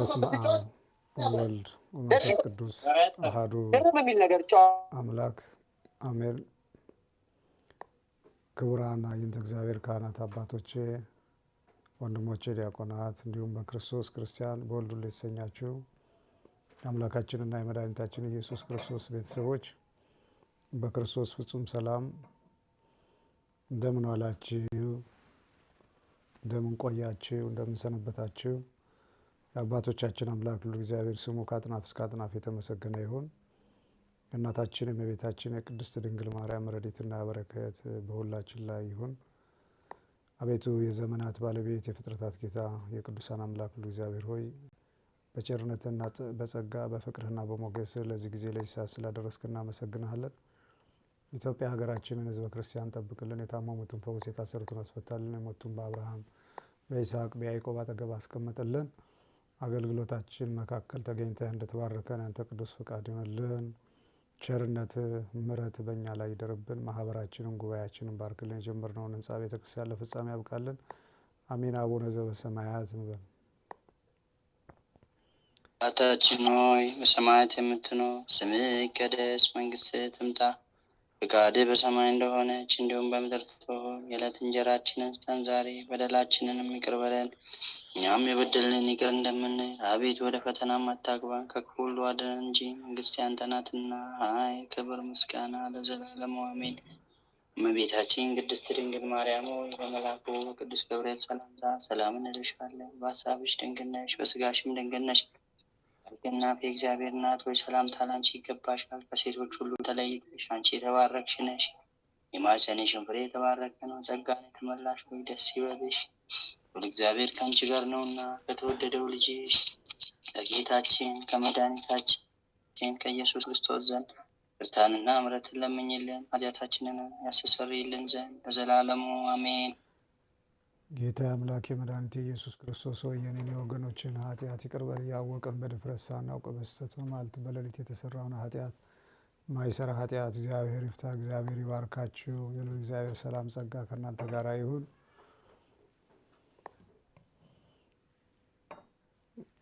በስመ አብ ወወልድ ወመንፈስ ቅዱስ አሐዱ አምላክ አሜን። ክቡራን እግዚአብሔር ካህናት አባቶቼ፣ ወንድሞቼ ዲያቆናት፣ እንዲሁም በክርስቶስ ክርስቲያን በወልዱ የተሰኛችሁ የአምላካችንና የመድኃኒታችን ኢየሱስ ክርስቶስ ቤተሰቦች በክርስቶስ ፍጹም ሰላም እንደምን ዋላችሁ? እንደምን ቆያችሁ? እንደምን ሰነበታችሁ? የአባቶቻችን አምላክ ሉ እግዚአብሔር ስሙ ከአጥናፍ እስከ አጥናፍ የተመሰገነ ይሁን። እናታችን የእመቤታችን የቅድስት ድንግል ማርያም ረዴትና በረከት በሁላችን ላይ ይሁን። አቤቱ የዘመናት ባለቤት የፍጥረታት ጌታ የቅዱሳን አምላክ ሉ እግዚአብሔር ሆይ በቸርነትና በጸጋ በፍቅርህና በሞገስ ለዚህ ጊዜ ለዚህ ሰዓት ስላደረስክ እናመሰግናለን። ኢትዮጵያ ሀገራችንን ህዝበ ክርስቲያን ጠብቅልን፣ የታመሙትን ፈውስ፣ የታሰሩትን አስፈታልን፣ የሞቱን በአብርሃም በይስሐቅ በያዕቆብ አጠገብ አስቀመጠልን። አገልግሎታችን መካከል ተገኝተ እንደተባረከን አንተ ቅዱስ ፍቃድ ይሆንልን። ቸርነት ምረት በእኛ ላይ ይደርብን። ማህበራችንን ጉባኤያችንን ባርክልን። የጀመርነውን ህንፃ ቤተክርስቲያን ለፍጻሜ ያብቃልን። አሜን። አቡነ ዘበሰማያት ንበል። አባታችን ሆይ በሰማያት የምትኖር ስምህ ይቀደስ፣ መንግስትህ ትምጣ ፍቃድህ በሰማይ እንደሆነች እንዲሁም በምድር ትሁን። የዕለት እንጀራችንን ስጠን ዛሬ፣ በደላችንን ይቅር በለን እኛም የበደልን ይቅር እንደምንል። አቤት ወደ ፈተናም አታግባን ከክፉ ሁሉ አድነን እንጂ መንግስት ያንተ ናትና፣ ኃይል፣ ክብር፣ ምስጋና ለዘላለሙ አሜን። እመቤታችን ቅድስት ድንግል ማርያም ሆይ በመልአኩ ቅዱስ ገብርኤል ሰላምታ ሰላምን እልሻለሁ። በሀሳብሽ ድንግል ነሽ፣ በስጋሽም ድንግል ነሽ እናት የእግዚአብሔር እናት ሆይ ሰላምታ ላንቺ ይገባሻል። ከሴቶች ሁሉ ተለይተሽ አንቺ የተባረክሽ ነሽ፣ የማኅፀንሽን ፍሬ የተባረከ ነው። ጸጋን የተመላሽ ሆይ ደስ ይበልሽ፣ ሁል እግዚአብሔር ከአንቺ ጋር ነውና ከተወደደው ልጅሽ ከጌታችን ከመድኃኒታችን ከኢየሱስ ክርስቶስ ዘንድ ብርታንና እምረትን ለምኝልን ኃጢአታችንን ያስተሰርይልን ዘንድ ለዘላለሙ አሜን። ጌታ አምላክ የመድኃኒቴ ኢየሱስ ክርስቶስ ሆይ የኔን የወገኖችን ኃጢአት ይቅር በል። ያወቅን በድፍረት ሳናውቅ በስተት በማለት በሌሊት የተሰራውን ኃጢአት ማይሰራ ኃጢአት እግዚአብሔር ይፍታ። እግዚአብሔር ይባርካችሁ። የልዑል እግዚአብሔር ሰላም ጸጋ ከእናንተ ጋር ይሁን።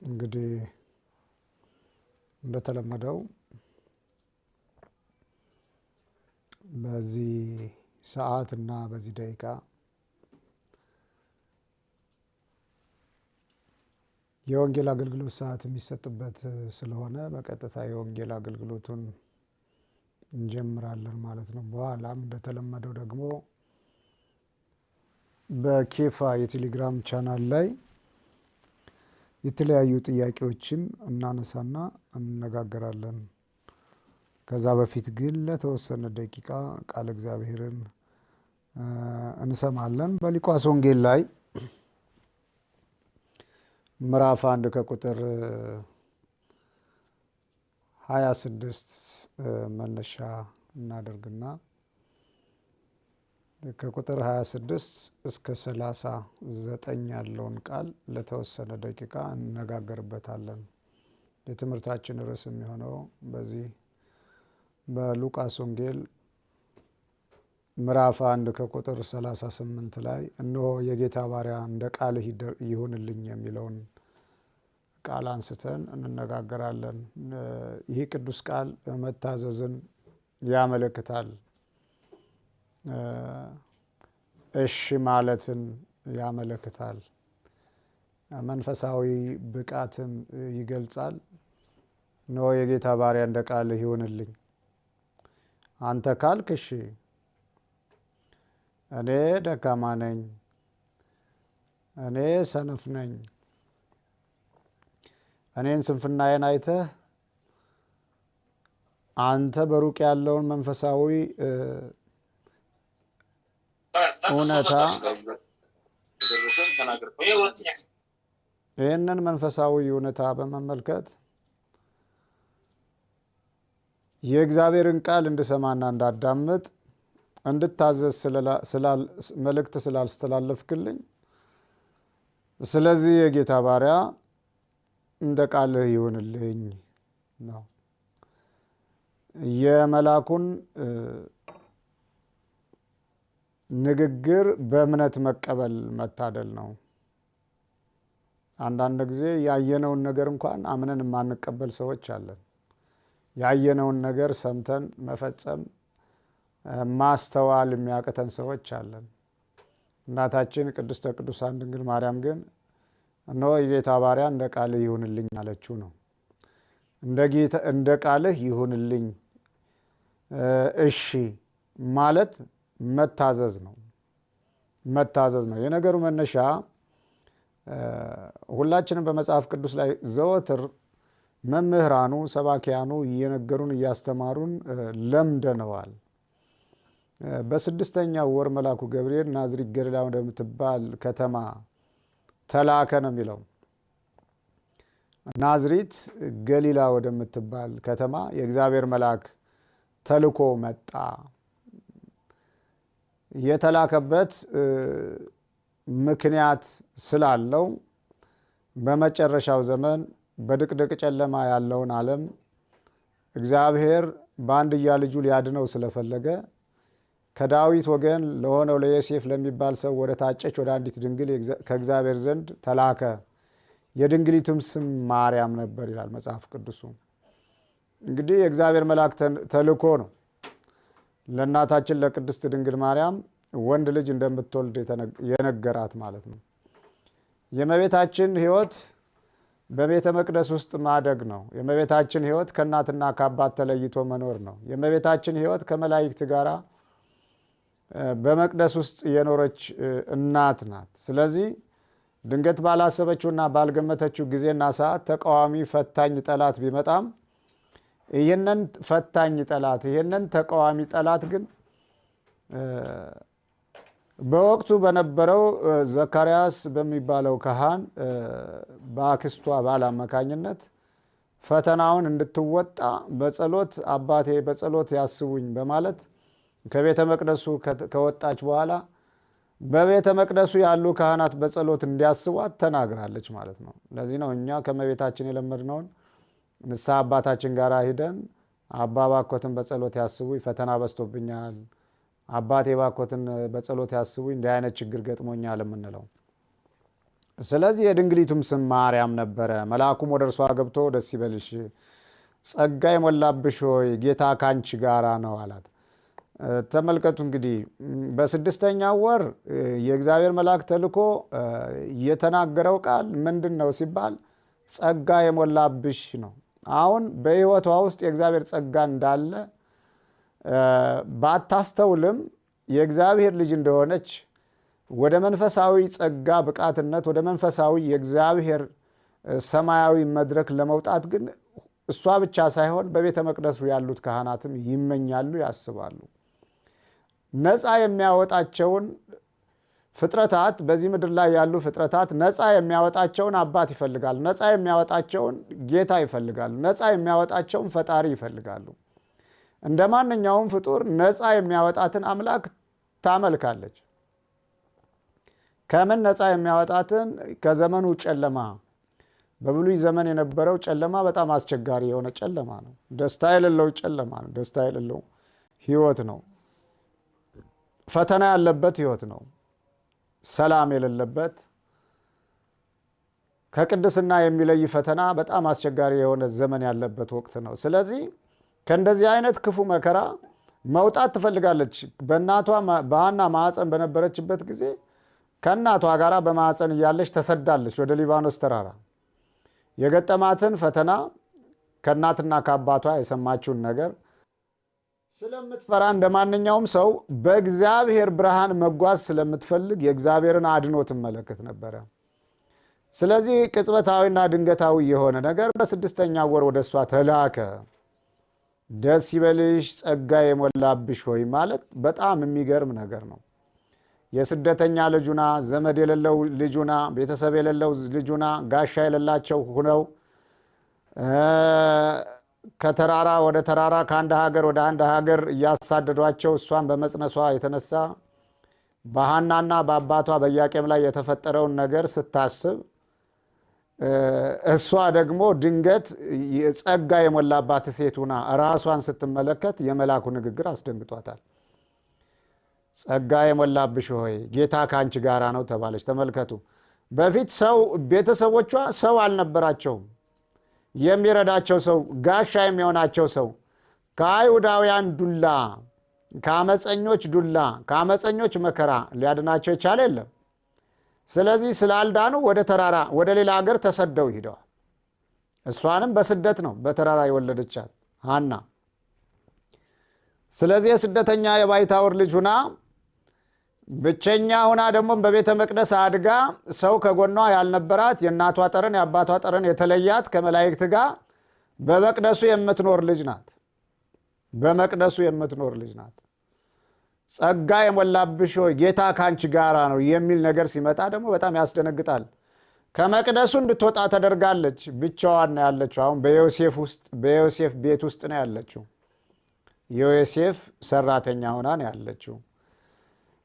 እንግዲህ እንደተለመደው በዚህ ሰዓት እና በዚህ ደቂቃ የወንጌል አገልግሎት ሰዓት የሚሰጥበት ስለሆነ በቀጥታ የወንጌል አገልግሎቱን እንጀምራለን ማለት ነው። በኋላም እንደተለመደው ደግሞ በኬፋ የቴሌግራም ቻናል ላይ የተለያዩ ጥያቄዎችን እናነሳና እንነጋገራለን። ከዛ በፊት ግን ለተወሰነ ደቂቃ ቃለ እግዚአብሔርን እንሰማለን። በሉቃስ ወንጌል ላይ ምዕራፍ አንድ ከቁጥር ስድስት መነሻ እናደርግና ከቁጥር ስድስት እስከ ዘጠኝ ያለውን ቃል ለተወሰነ ደቂቃ እንነጋገርበታለን። የትምህርታችን ርዕስ የሚሆነው በዚህ በሉቃስ ወንጌል ምዕራፍ አንድ ከቁጥር 38 ላይ እነሆ የጌታ ባሪያ እንደ ቃልህ ይሁንልኝ የሚለውን ቃል አንስተን እንነጋገራለን። ይህ ቅዱስ ቃል መታዘዝን ያመለክታል። እሺ ማለትን ያመለክታል። መንፈሳዊ ብቃትን ይገልጻል። እነሆ የጌታ ባሪያ እንደ ቃልህ ይሁንልኝ አንተ ካልክ እሺ እኔ ደካማ ነኝ፣ እኔ ሰነፍ ነኝ፣ እኔን ስንፍናዬን አይተህ አንተ በሩቅ ያለውን መንፈሳዊ እውነታ ይህንን መንፈሳዊ እውነታ በመመልከት የእግዚአብሔርን ቃል እንድሰማና እንዳዳምጥ እንድታዘዝ መልእክት ስላልስተላለፍክልኝ ስለዚህ የጌታ ባሪያ እንደ ቃልህ ይሁንልኝ ነው። የመላኩን ንግግር በእምነት መቀበል መታደል ነው። አንዳንድ ጊዜ ያየነውን ነገር እንኳን አምነን የማንቀበል ሰዎች አለን። ያየነውን ነገር ሰምተን መፈጸም ማስተዋል የሚያቅተን ሰዎች አለን። እናታችን ቅድስተ ቅዱሳን ድንግል ማርያም ግን እነሆ የጌታ ባሪያ እንደ ቃልህ ይሁንልኝ አለችው ነው። እንደ ቃልህ ይሁንልኝ እሺ ማለት መታዘዝ ነው። መታዘዝ ነው። የነገሩ መነሻ ሁላችንም በመጽሐፍ ቅዱስ ላይ ዘወትር መምህራኑ፣ ሰባኪያኑ እየነገሩን እያስተማሩን ለምደነዋል። በስድስተኛው ወር መልአኩ ገብርኤል ናዝሪት ገሊላ ወደምትባል ከተማ ተላከ ነው የሚለው። ናዝሪት ገሊላ ወደምትባል ከተማ የእግዚአብሔር መልአክ ተልኮ መጣ። የተላከበት ምክንያት ስላለው በመጨረሻው ዘመን በድቅድቅ ጨለማ ያለውን ዓለም እግዚአብሔር በአንድያ ልጁ ሊያድነው ስለፈለገ ከዳዊት ወገን ለሆነው ለዮሴፍ ለሚባል ሰው ወደ ታጨች ወደ አንዲት ድንግል ከእግዚአብሔር ዘንድ ተላከ። የድንግሊቱም ስም ማርያም ነበር ይላል መጽሐፍ ቅዱሱ። እንግዲህ የእግዚአብሔር መልአክ ተልኮ ነው ለእናታችን ለቅድስት ድንግል ማርያም ወንድ ልጅ እንደምትወልድ የነገራት ማለት ነው። የእመቤታችን ሕይወት በቤተ መቅደስ ውስጥ ማደግ ነው። የእመቤታችን ሕይወት ከእናትና ከአባት ተለይቶ መኖር ነው። የመቤታችን ሕይወት ከመላይክት ጋራ በመቅደስ ውስጥ የኖረች እናት ናት። ስለዚህ ድንገት ባላሰበችውና ባልገመተችው ጊዜና ሰዓት ተቃዋሚ ፈታኝ ጠላት ቢመጣም ይህንን ፈታኝ ጠላት ይህንን ተቃዋሚ ጠላት ግን በወቅቱ በነበረው ዘካርያስ በሚባለው ካህን በአክስቷ ባል አማካኝነት ፈተናውን እንድትወጣ በጸሎት አባቴ በጸሎት ያስቡኝ በማለት ከቤተ መቅደሱ ከወጣች በኋላ በቤተ መቅደሱ ያሉ ካህናት በጸሎት እንዲያስቧት ተናግራለች ማለት ነው። ለዚህ ነው እኛ ከመቤታችን የለመድነውን ንስሐ አባታችን ጋር ሂደን አባ ባኮትን በጸሎት ያስቡኝ፣ ፈተና በዝቶብኛል፣ አባቴ ባኮትን በጸሎት ያስቡኝ፣ እንዲህ አይነት ችግር ገጥሞኛል የምንለው። ስለዚህ የድንግሊቱም ስም ማርያም ነበረ። መልአኩም ወደ እርሷ ገብቶ ደስ ይበልሽ፣ ጸጋ የሞላብሽ ሆይ ጌታ ካንቺ ጋራ ነው አላት። ተመልከቱ እንግዲህ በስድስተኛ ወር የእግዚአብሔር መልአክ ተልኮ የተናገረው ቃል ምንድን ነው ሲባል ጸጋ የሞላብሽ ነው። አሁን በሕይወቷ ውስጥ የእግዚአብሔር ጸጋ እንዳለ ባታስተውልም የእግዚአብሔር ልጅ እንደሆነች ወደ መንፈሳዊ ጸጋ ብቃትነት ወደ መንፈሳዊ የእግዚአብሔር ሰማያዊ መድረክ ለመውጣት ግን እሷ ብቻ ሳይሆን በቤተ መቅደሱ ያሉት ካህናትም ይመኛሉ፣ ያስባሉ። ነፃ የሚያወጣቸውን ፍጥረታት በዚህ ምድር ላይ ያሉ ፍጥረታት ነፃ የሚያወጣቸውን አባት ይፈልጋሉ። ነፃ የሚያወጣቸውን ጌታ ይፈልጋሉ። ነፃ የሚያወጣቸውን ፈጣሪ ይፈልጋሉ። እንደ ማንኛውም ፍጡር ነፃ የሚያወጣትን አምላክ ታመልካለች። ከምን ነፃ የሚያወጣትን? ከዘመኑ ጨለማ። በብሉይ ዘመን የነበረው ጨለማ በጣም አስቸጋሪ የሆነ ጨለማ ነው። ደስታ የሌለው ጨለማ ነው። ደስታ የሌለው ህይወት ነው። ፈተና ያለበት ህይወት ነው። ሰላም የሌለበት ከቅድስና የሚለይ ፈተና በጣም አስቸጋሪ የሆነ ዘመን ያለበት ወቅት ነው። ስለዚህ ከእንደዚህ አይነት ክፉ መከራ መውጣት ትፈልጋለች። በእናቷ በሐና ማዕፀን በነበረችበት ጊዜ ከእናቷ ጋር በማዕፀን እያለች ተሰዳለች ወደ ሊባኖስ ተራራ። የገጠማትን ፈተና ከእናትና ከአባቷ የሰማችውን ነገር ስለምትፈራ እንደ ማንኛውም ሰው በእግዚአብሔር ብርሃን መጓዝ ስለምትፈልግ የእግዚአብሔርን አድኖ ትመለከት ነበረ። ስለዚህ ቅጽበታዊና ድንገታዊ የሆነ ነገር በስድስተኛ ወር ወደ እሷ ተላከ። ደስ ይበልሽ ጸጋ የሞላብሽ ሆይ ማለት በጣም የሚገርም ነገር ነው። የስደተኛ ልጁና ዘመድ የሌለው ልጁና ቤተሰብ የሌለው ልጁና ጋሻ የሌላቸው ሁነው ከተራራ ወደ ተራራ ከአንድ ሀገር ወደ አንድ ሀገር እያሳደዷቸው እሷን በመጽነሷ የተነሳ በሀናና በአባቷ በኢያቄም ላይ የተፈጠረውን ነገር ስታስብ እሷ ደግሞ ድንገት ጸጋ የሞላባት ሴት ራሷን ስትመለከት የመላኩ ንግግር አስደንግጧታል። ጸጋ የሞላብሽ ሆይ ጌታ ከአንቺ ጋራ ነው ተባለች። ተመልከቱ፣ በፊት ሰው ቤተሰቦቿ ሰው አልነበራቸውም። የሚረዳቸው ሰው፣ ጋሻ የሚሆናቸው ሰው ከአይሁዳውያን ዱላ፣ ከአመፀኞች ዱላ፣ ከአመፀኞች መከራ ሊያድናቸው የቻለ የለም። ስለዚህ ስላልዳኑ ወደ ተራራ ወደ ሌላ ሀገር ተሰደው ሂደዋል። እሷንም በስደት ነው በተራራ የወለደቻት ሐና። ስለዚህ የስደተኛ የባይታወር ልጅ ሁና ብቸኛ ሆና ደግሞ በቤተ መቅደስ አድጋ ሰው ከጎኗ ያልነበራት የእናቷ ጠረን የአባቷ ጠረን የተለያት ከመላእክት ጋር በመቅደሱ የምትኖር ልጅ ናት። በመቅደሱ የምትኖር ልጅ ናት። ጸጋ የሞላብሽ ሆይ ጌታ ካንቺ ጋራ ነው የሚል ነገር ሲመጣ ደግሞ በጣም ያስደነግጣል። ከመቅደሱ እንድትወጣ ተደርጋለች። ብቻዋን ነው ያለችው። አሁን በዮሴፍ ውስጥ በዮሴፍ ቤት ውስጥ ነው ያለችው። ዮሴፍ ሰራተኛ ሆና ነው ያለችው።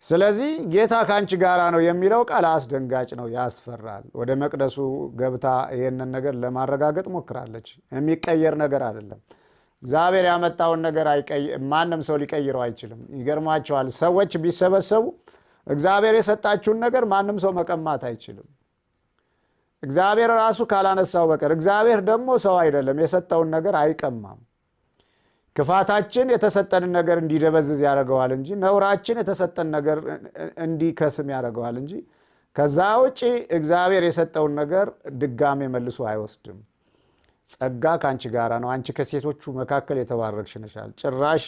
ስለዚህ ጌታ ከአንቺ ጋራ ነው የሚለው ቃል አስደንጋጭ ነው፣ ያስፈራል። ወደ መቅደሱ ገብታ ይህንን ነገር ለማረጋገጥ ሞክራለች። የሚቀየር ነገር አይደለም። እግዚአብሔር ያመጣውን ነገር ማንም ሰው ሊቀይረው አይችልም። ይገርማቸዋል። ሰዎች ቢሰበሰቡ እግዚአብሔር የሰጣችሁን ነገር ማንም ሰው መቀማት አይችልም። እግዚአብሔር ራሱ ካላነሳው በቀር። እግዚአብሔር ደግሞ ሰው አይደለም፣ የሰጠውን ነገር አይቀማም። ክፋታችን የተሰጠንን ነገር እንዲደበዝዝ ያደርገዋል እንጂ ነውራችን የተሰጠን ነገር እንዲከስም ያደርገዋል እንጂ ከዛ ውጪ እግዚአብሔር የሰጠውን ነገር ድጋሜ መልሶ አይወስድም። ጸጋ ከአንቺ ጋራ ነው፣ አንቺ ከሴቶቹ መካከል የተባረክሽ ነሻል። ጭራሽ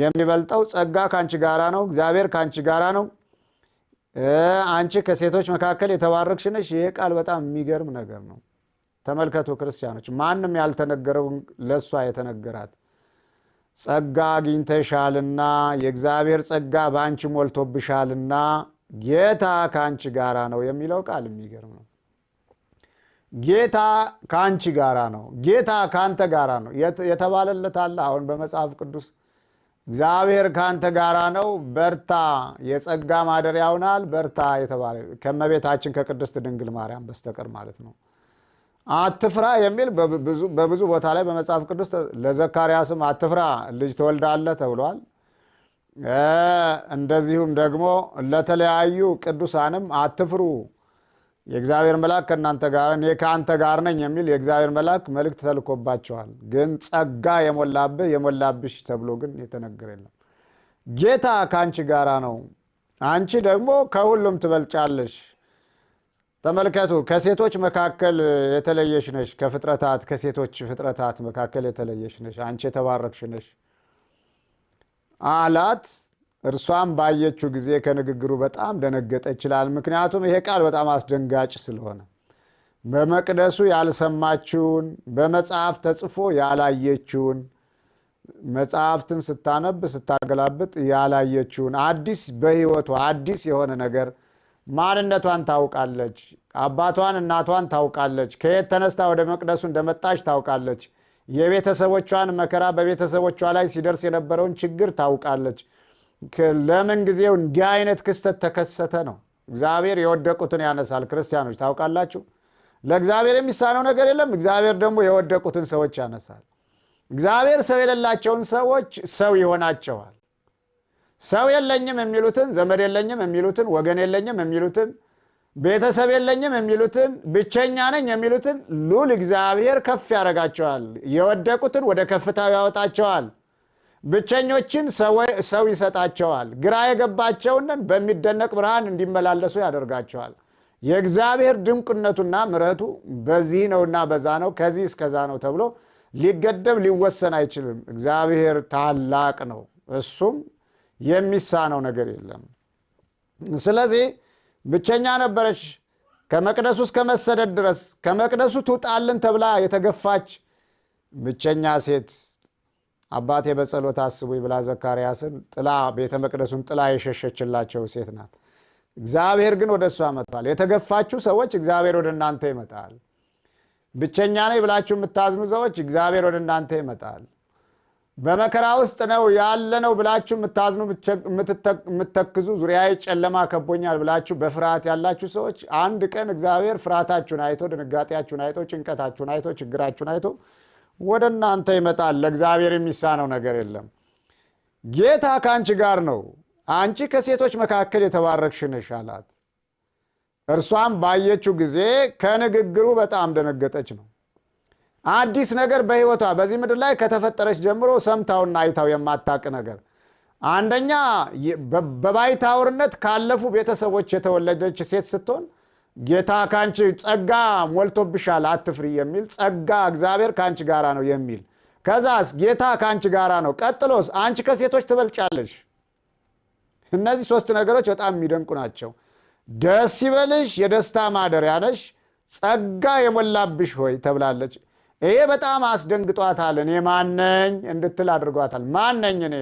የሚበልጠው ጸጋ ከአንቺ ጋራ ነው፣ እግዚአብሔር ከአንቺ ጋራ ነው፣ አንቺ ከሴቶች መካከል የተባረክሽ ነሽ። ይሄ ቃል በጣም የሚገርም ነገር ነው። ተመልከቱ ክርስቲያኖች፣ ማንም ያልተነገረው ለእሷ የተነገራት ጸጋ አግኝተሻልና የእግዚአብሔር ጸጋ በአንቺ ሞልቶብሻልና ጌታ ከአንቺ ጋራ ነው የሚለው ቃል የሚገርም ነው። ጌታ ከአንቺ ጋራ ነው፣ ጌታ ከአንተ ጋራ ነው የተባለለት አለ። አሁን በመጽሐፍ ቅዱስ እግዚአብሔር ከአንተ ጋራ ነው፣ በርታ፣ የጸጋ ማደሪያ በርታ የተባለ ከመቤታችን ከቅድስት ድንግል ማርያም በስተቀር ማለት ነው። አትፍራ የሚል በብዙ ቦታ ላይ በመጽሐፍ ቅዱስ ለዘካርያስም አትፍራ ልጅ ትወልዳለህ ተብሏል። እንደዚሁም ደግሞ ለተለያዩ ቅዱሳንም አትፍሩ የእግዚአብሔር መልአክ ከእናንተ ጋር እኔ ከአንተ ጋር ነኝ የሚል የእግዚአብሔር መልአክ መልእክት ተልኮባቸዋል። ግን ጸጋ የሞላብህ የሞላብሽ ተብሎ ግን የተነገረ የለም። ጌታ ከአንቺ ጋራ ነው። አንቺ ደግሞ ከሁሉም ትበልጫለሽ ተመልከቱ ከሴቶች መካከል የተለየሽ ነሽ። ከፍጥረታት ከሴቶች ፍጥረታት መካከል የተለየሽ ነሽ፣ አንቺ የተባረክሽ ነሽ አላት። እርሷም ባየችው ጊዜ ከንግግሩ በጣም ደነገጠ ይችላል። ምክንያቱም ይሄ ቃል በጣም አስደንጋጭ ስለሆነ በመቅደሱ ያልሰማችውን በመጽሐፍ ተጽፎ ያላየችውን መጽሐፍትን ስታነብ ስታገላብጥ ያላየችውን አዲስ በሕይወቱ አዲስ የሆነ ነገር ማንነቷን ታውቃለች። አባቷን እናቷን ታውቃለች። ከየት ተነስታ ወደ መቅደሱ እንደመጣች ታውቃለች። የቤተሰቦቿን መከራ፣ በቤተሰቦቿ ላይ ሲደርስ የነበረውን ችግር ታውቃለች። ለምን ጊዜው እንዲህ አይነት ክስተት ተከሰተ ነው። እግዚአብሔር የወደቁትን ያነሳል። ክርስቲያኖች ታውቃላችሁ፣ ለእግዚአብሔር የሚሳነው ነገር የለም። እግዚአብሔር ደግሞ የወደቁትን ሰዎች ያነሳል። እግዚአብሔር ሰው የሌላቸውን ሰዎች ሰው ይሆናቸዋል። ሰው የለኝም የሚሉትን ዘመድ የለኝም የሚሉትን ወገን የለኝም የሚሉትን ቤተሰብ የለኝም የሚሉትን ብቸኛ ነኝ የሚሉትን ሉል እግዚአብሔር ከፍ ያደርጋቸዋል። የወደቁትን ወደ ከፍታው ያወጣቸዋል። ብቸኞችን ሰው ይሰጣቸዋል። ግራ የገባቸውንን በሚደነቅ ብርሃን እንዲመላለሱ ያደርጋቸዋል። የእግዚአብሔር ድንቅነቱና ምረቱ በዚህ ነውና በዛ ነው ከዚህ እስከዛ ነው ተብሎ ሊገደብ ሊወሰን አይችልም። እግዚአብሔር ታላቅ ነው። እሱም የሚሳነው ነገር የለም። ስለዚህ ብቸኛ ነበረች። ከመቅደሱ እስከ መሰደድ ድረስ ከመቅደሱ ትውጣልን ተብላ የተገፋች ብቸኛ ሴት አባቴ በጸሎት አስቡኝ ብላ ዘካርያስን ጥላ ቤተ መቅደሱን ጥላ የሸሸችላቸው ሴት ናት። እግዚአብሔር ግን ወደ እሷ መጥቷል። የተገፋችሁ ሰዎች እግዚአብሔር ወደ እናንተ ይመጣል። ብቸኛ ነኝ ብላችሁ የምታዝኑ ሰዎች እግዚአብሔር ወደ እናንተ ይመጣል። በመከራ ውስጥ ነው ያለ ነው ብላችሁ የምታዝኑ የምትተክዙ ዙሪያዬ ጨለማ ከቦኛል ብላችሁ በፍርሃት ያላችሁ ሰዎች አንድ ቀን እግዚአብሔር ፍርሃታችሁን አይቶ ድንጋጤያችሁን አይቶ ጭንቀታችሁን አይቶ ችግራችሁን አይቶ ወደ እናንተ ይመጣል። ለእግዚአብሔር የሚሳነው ነገር የለም። ጌታ ከአንቺ ጋር ነው፣ አንቺ ከሴቶች መካከል የተባረክሽ ነሽ አላት። እርሷም ባየችው ጊዜ ከንግግሩ በጣም ደነገጠች ነው አዲስ ነገር በህይወቷ በዚህ ምድር ላይ ከተፈጠረች ጀምሮ ሰምታውና አይታው የማታቅ ነገር አንደኛ በባይታውርነት ካለፉ ቤተሰቦች የተወለደች ሴት ስትሆን ጌታ ከአንቺ ጸጋ ሞልቶብሻል፣ አትፍሪ የሚል ጸጋ እግዚአብሔር ከአንቺ ጋራ ነው የሚል ከዛስ ጌታ ከአንቺ ጋራ ነው። ቀጥሎስ አንቺ ከሴቶች ትበልጫለሽ። እነዚህ ሶስት ነገሮች በጣም የሚደንቁ ናቸው። ደስ ይበልሽ፣ የደስታ ማደሪያ ነሽ፣ ጸጋ የሞላብሽ ሆይ ተብላለች። ይሄ በጣም አስደንግጧታል። እኔ ማነኝ እንድትል አድርጓታል። ማነኝ እኔ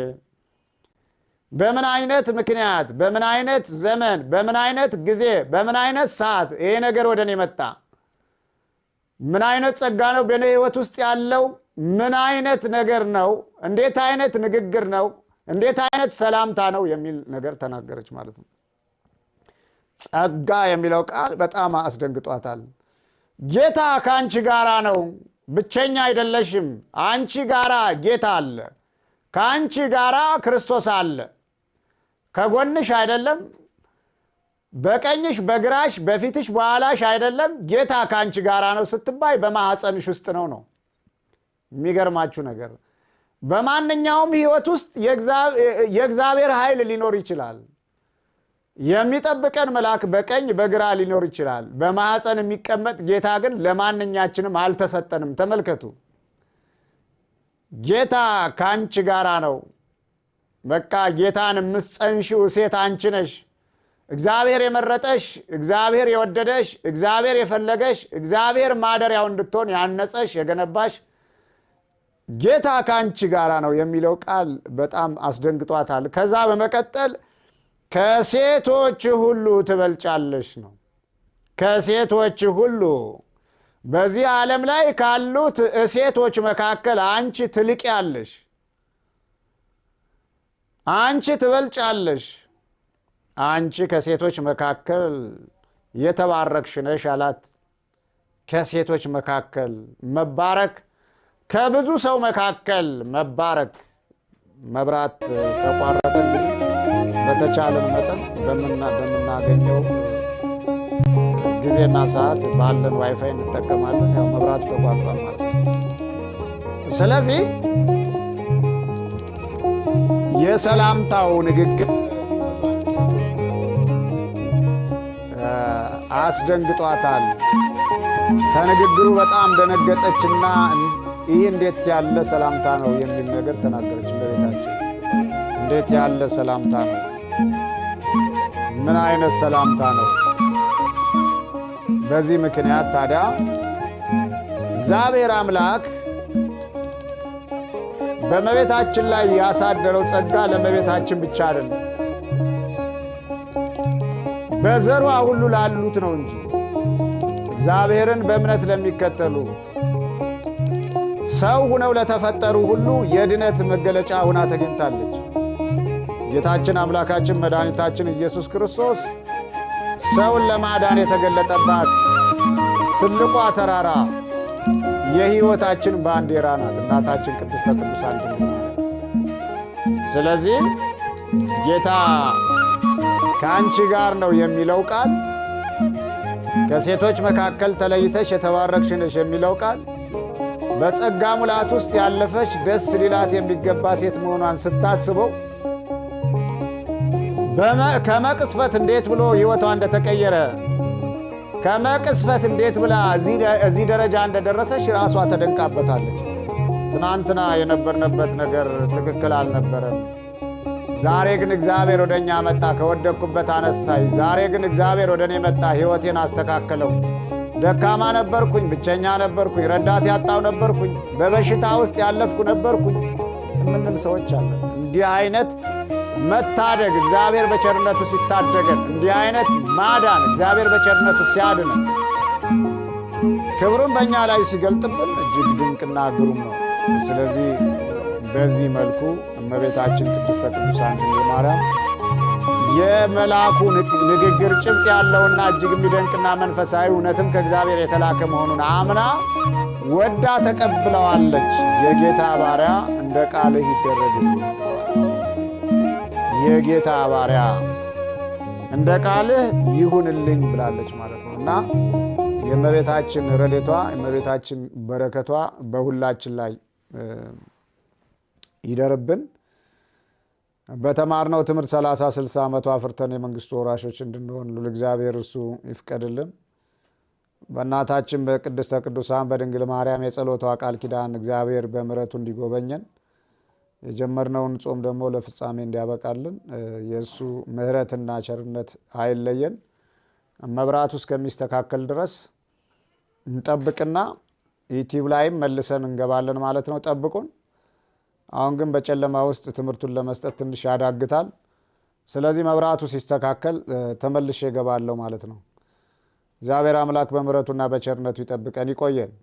በምን አይነት ምክንያት፣ በምን አይነት ዘመን፣ በምን አይነት ጊዜ፣ በምን አይነት ሰዓት ይሄ ነገር ወደ እኔ መጣ? ምን አይነት ጸጋ ነው በእኔ ህይወት ውስጥ ያለው? ምን አይነት ነገር ነው? እንዴት አይነት ንግግር ነው? እንዴት አይነት ሰላምታ ነው? የሚል ነገር ተናገረች ማለት ነው። ጸጋ የሚለው ቃል በጣም አስደንግጧታል። ጌታ ከአንቺ ጋራ ነው ብቸኛ አይደለሽም። አንቺ ጋራ ጌታ አለ፣ ከአንቺ ጋራ ክርስቶስ አለ። ከጎንሽ አይደለም፣ በቀኝሽ፣ በግራሽ፣ በፊትሽ፣ በኋላሽ አይደለም፣ ጌታ ከአንቺ ጋራ ነው ስትባይ በማኅፀንሽ ውስጥ ነው ነው። የሚገርማችሁ ነገር በማንኛውም ሕይወት ውስጥ የእግዚአብሔር ኃይል ሊኖር ይችላል። የሚጠብቀን መልአክ በቀኝ በግራ ሊኖር ይችላል። በማኅፀን የሚቀመጥ ጌታ ግን ለማንኛችንም አልተሰጠንም። ተመልከቱ፣ ጌታ ከአንቺ ጋራ ነው። በቃ ጌታን የምትጸንሺው ሴት አንቺ ነሽ። እግዚአብሔር የመረጠሽ፣ እግዚአብሔር የወደደሽ፣ እግዚአብሔር የፈለገሽ፣ እግዚአብሔር ማደሪያው እንድትሆን ያነጸሽ፣ የገነባሽ ጌታ ከአንቺ ጋራ ነው የሚለው ቃል በጣም አስደንግጧታል። ከዛ በመቀጠል ከሴቶች ሁሉ ትበልጫለሽ ነው። ከሴቶች ሁሉ በዚህ ዓለም ላይ ካሉት እሴቶች መካከል አንቺ ያለሽ አንቺ ትበልጫለሽ፣ አንቺ ከሴቶች መካከል የተባረክሽ ነሽ አላት። ከሴቶች መካከል መባረክ፣ ከብዙ ሰው መካከል መባረክ። መብራት ተቋረጠ። በተቻለን መጠን በምናገኘው ጊዜና ሰዓት ባለን ዋይፋይ እንጠቀማለን። ያው መብራት ተቋርጧል ማለት ነው። ስለዚህ የሰላምታው ንግግር አስደንግጧታል። ከንግግሩ በጣም ደነገጠችና ይህ እንዴት ያለ ሰላምታ ነው የሚል ነገር ተናገረች። እመቤታችን እንዴት ያለ ሰላምታ ነው ምን አይነት ሰላምታ ነው? በዚህ ምክንያት ታዲያ እግዚአብሔር አምላክ በመቤታችን ላይ ያሳደረው ጸጋ ለመቤታችን ብቻ አይደለም፣ በዘሯ ሁሉ ላሉት ነው እንጂ እግዚአብሔርን በእምነት ለሚከተሉ ሰው ሁነው ለተፈጠሩ ሁሉ የድነት መገለጫ ሁና ተገኝታለች። ጌታችን አምላካችን መድኃኒታችን ኢየሱስ ክርስቶስ ሰውን ለማዳን የተገለጠባት ትልቋ ተራራ የሕይወታችን ባንዲራ ናት። እናታችን ቅድስተ ቅዱሳን ድንግል ስለዚህ ጌታ ከአንቺ ጋር ነው የሚለው ቃል ከሴቶች መካከል ተለይተሽ የተባረክሽ ነሽ የሚለው ቃል በጸጋ ሙላት ውስጥ ያለፈች ደስ ሊላት የሚገባ ሴት መሆኗን ስታስበው ከመቅስፈት እንዴት ብሎ ህይወቷ እንደተቀየረ ከመቅስፈት እንዴት ብላ እዚህ ደረጃ እንደደረሰች ራሷ ተደንቃበታለች። ትናንትና የነበርንበት ነገር ትክክል አልነበረም። ዛሬ ግን እግዚአብሔር ወደ እኛ መጣ፣ ከወደቅኩበት አነሳይ። ዛሬ ግን እግዚአብሔር ወደ እኔ መጣ፣ ሕይወቴን አስተካከለው። ደካማ ነበርኩኝ፣ ብቸኛ ነበርኩኝ፣ ረዳት ያጣው ነበርኩኝ፣ በበሽታ ውስጥ ያለፍኩ ነበርኩኝ የምንል ሰዎች አለ። እንዲህ አይነት መታደግ እግዚአብሔር በቸርነቱ ሲታደገን እንዲህ አይነት ማዳን እግዚአብሔር በቸርነቱ ሲያድነ ክብሩን በእኛ ላይ ሲገልጥብን እጅግ ድንቅና ግሩም ነው። ስለዚህ በዚህ መልኩ እመቤታችን ቅድስተ ቅዱሳን ማርያም የመልአኩ ንግግር ጭብጥ ያለውና እጅግ የሚደንቅና መንፈሳዊ እውነትም ከእግዚአብሔር የተላከ መሆኑን አምና ወዳ ተቀብለዋለች። የጌታ ባሪያ እንደ ቃልህ ይደረግልኝ የጌታ ባሪያ እንደ ቃልህ ይሁንልኝ ብላለች ማለት ነው እና የመቤታችን ረድኤቷ የመቤታችን በረከቷ በሁላችን ላይ ይደርብን። በተማርነው ትምህርት 30 60 መቶ አፍርተን የመንግስቱ ወራሾች እንድንሆን ሉል እግዚአብሔር እሱ ይፍቀድልን። በእናታችን በቅድስተ ቅዱሳን በድንግል ማርያም የጸሎቷ ቃል ኪዳን እግዚአብሔር በምረቱ እንዲጎበኘን የጀመርነውን ጾም ደግሞ ለፍጻሜ እንዲያበቃልን የእሱ ምሕረትና ቸርነት አይለየን። መብራቱ እስከሚስተካከል ድረስ እንጠብቅና ዩቲዩብ ላይም መልሰን እንገባለን ማለት ነው። ጠብቁን። አሁን ግን በጨለማ ውስጥ ትምህርቱን ለመስጠት ትንሽ ያዳግታል። ስለዚህ መብራቱ ሲስተካከል ተመልሼ እገባለሁ ማለት ነው። እግዚአብሔር አምላክ በምሕረቱና በቸርነቱ ይጠብቀን፣ ይቆየን።